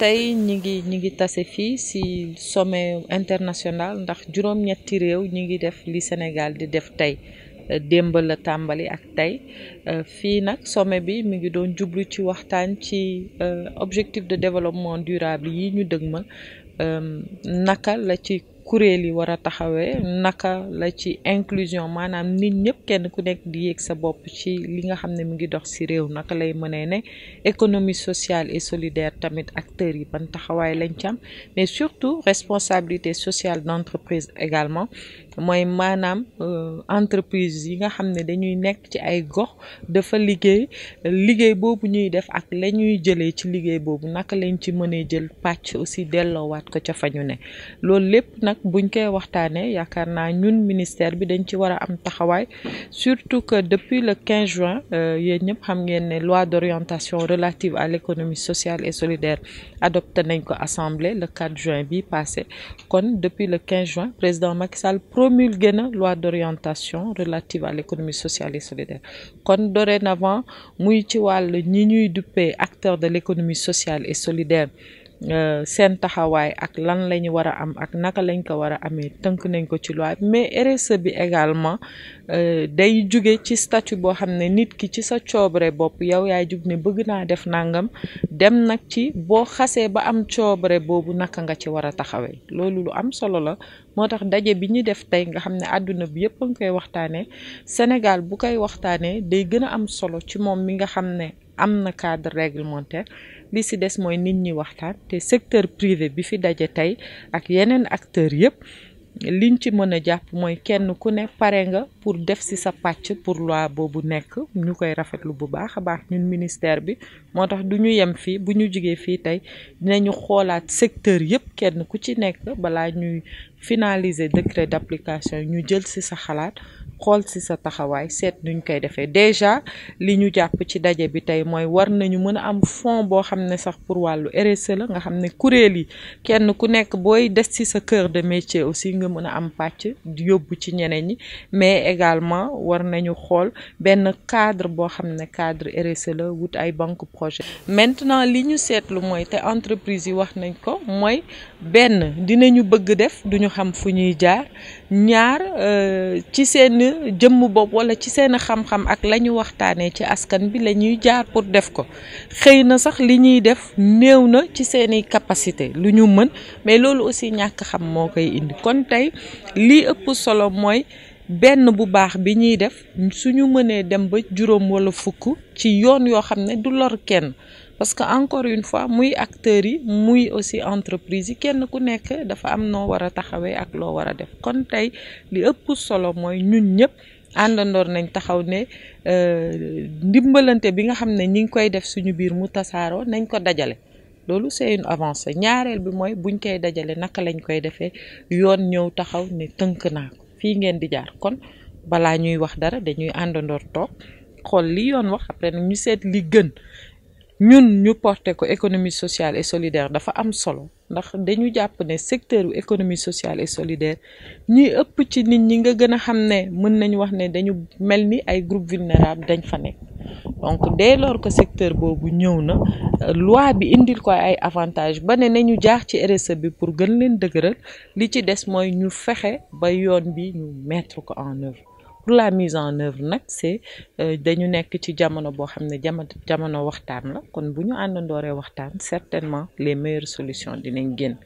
tay ñi ngi ñi ngi tassé fi ci sommet international ndax juroom ñetti réew ñi ngi def li Sénégal di def tay euh, dembal la tàmbali ak tay euh, fi nak sommet bi mi ngi doon jublu ci waxtaan ci euh, objectif de développement durable yi ñu dëgmal naka la ci kuréel yi war a taxawee naka la ci inclusion maanaam nit ñëpp kenn ku nekk di yéeg sa bopp ci li nga xam ne mu ngi dox ci réew naka lay mënee ne économie sociale et solidaire tamit acteurs yi ban taxawaay lañ ci mais surtout responsabilité sociale d'entreprise également mooy maanaam euh, entreprise yi nga xam ne dañuy nekk ci ay gox dafa liggéey liggéey boobu ñuy def ak la ñuy jëlee ci liggéey boobu naka lañ ci mënee jël pàcc aussi delloowaat ko ca fa ne buñ koy waxtaanee ñun ministère bi dañ ci surtout que depuis le 15 juin euh, yéen ñëpp xam ngeen loi d'orientation relative à l'économie sociale et solidaire adoptée nañ ko assemblée le 4 juin bi passé depuis le 15 juin président Macky Sall promulgué na loi d'orientation relative à l'économie sociale et solidaire kon dorénavant muy ci wàll ñi ñuy acteur de l'économie sociale et solidaire Euh, seen taxawaay ak lan la ñu war a am ak naka lañ ko war a amee tënk nañ ko ci loi mais RSE bi également euh, day jóge ci statut boo xam ne nit ki ci sa coobre bopp yow yaay jug ne bëgg naa def nangam dem nag ci boo xasee ba am coobre boobu naka nga ci war a taxawee loolu lu am solo la moo tax daje bi ñu def tey nga xam ne àdduna bi yëpp a ngi koy waxtaanee Sénégal bu koy waxtaanee day gën a am solo ci moom mi nga xam ne am na cadre réglementaire. li ci des mooy nit ñi waxtaan te secteur privé bi fi daje tey ak yeneen acteurs yépp liñ ci mën a jàpp mooy kenn ku ne pare nga pour def si sa pàcc pour loi boobu nekk ñu koy rafetlu bu baax a baax ñun ministère bi moo tax du ñu yem fii bu ñu jugee fii tey dinañu xoolaat secteur yépp kenn ku ci nekk balaa ñuy finaliser décret d'application ñu jël si sa xalaat xool ci sa taxawaay seet nuñ koy defee déjà li ñu jàpp ci daje bi tey mooy war nañu mën a am fond boo xam ne sax pour wàllu RSE la nga xam ne kuréel yi kenn ku nekk booy des ci sa cœur de métier aussi nga mën a am pàcc yóbbu ci ñeneen ñi mais également war nañu xool benn cadre boo xam ne cadre RSE la wut ay banque projet maintenant li ñu seetlu mooy te entreprise yi wax nañ ko mooy benn dinañu bëgg def duñu xam fu ñuy jaar ñaar euh, ci seen jëmm bopp wala ci seen xam-xam ak la ñu waxtaanee ci askan bi la ñuy jaar pour def ko xëy na sax li ñuy def néew na ci seen i capacité lu ñu mën mais loolu aussi ñàkk xam moo koy indi kon tey lii ëpp solo mooy benn bu baax bi ñuy def su ñu mënee dem ba juróom wala fukk ci yoon yoo xam ne du lor kenn parce que encore une fois muy acteur yi muy aussi entreprise yi kenn ku nekk dafa am no wara taxawé ak lo wara def kon tay li ëpp solo moy ñun ñëpp andandor nañ taxaw ne euh, ndimbalante bi nga xamné ne ñi ngi koy def suñu biir mu tasaaroo nañ ko dajalé lolu c'est une avancée ñaareel bi moy buñ koy dajalé naka lañ koy défé yoon ñëw taxaw ne teunk na ko fii ngeen di jaar kon bala ñuy wax dara dañuy andandor tok xol li yoon wax après ñu sét li gën ñun ñu porté ko économie sociale et solidaire dafa am solo ndax dañu jàpp ne secteur bu économie sociale et solidaire ñuy ëpp ci nit ñi nga gën a xam ne mën nañu wax ne dañu mel ni ay groupe vulnérable dañ fa nekk donc dès lors que secteur boobu ñëw na euh, loi bi indil ko ay avantage ba ne nañu jaax ci RSE bi pour gën leen dëgëral li ci des mooy ñu fexe ba yoon bi ñu mettre ko en œuvre pour la mise en œuvre nak c'est euh, dañu nek ci jamono bo xamné jamono jamono waxtaan la kon bu ñu àndandooree waxtaan certainement les meilleures solutions dinañ génn.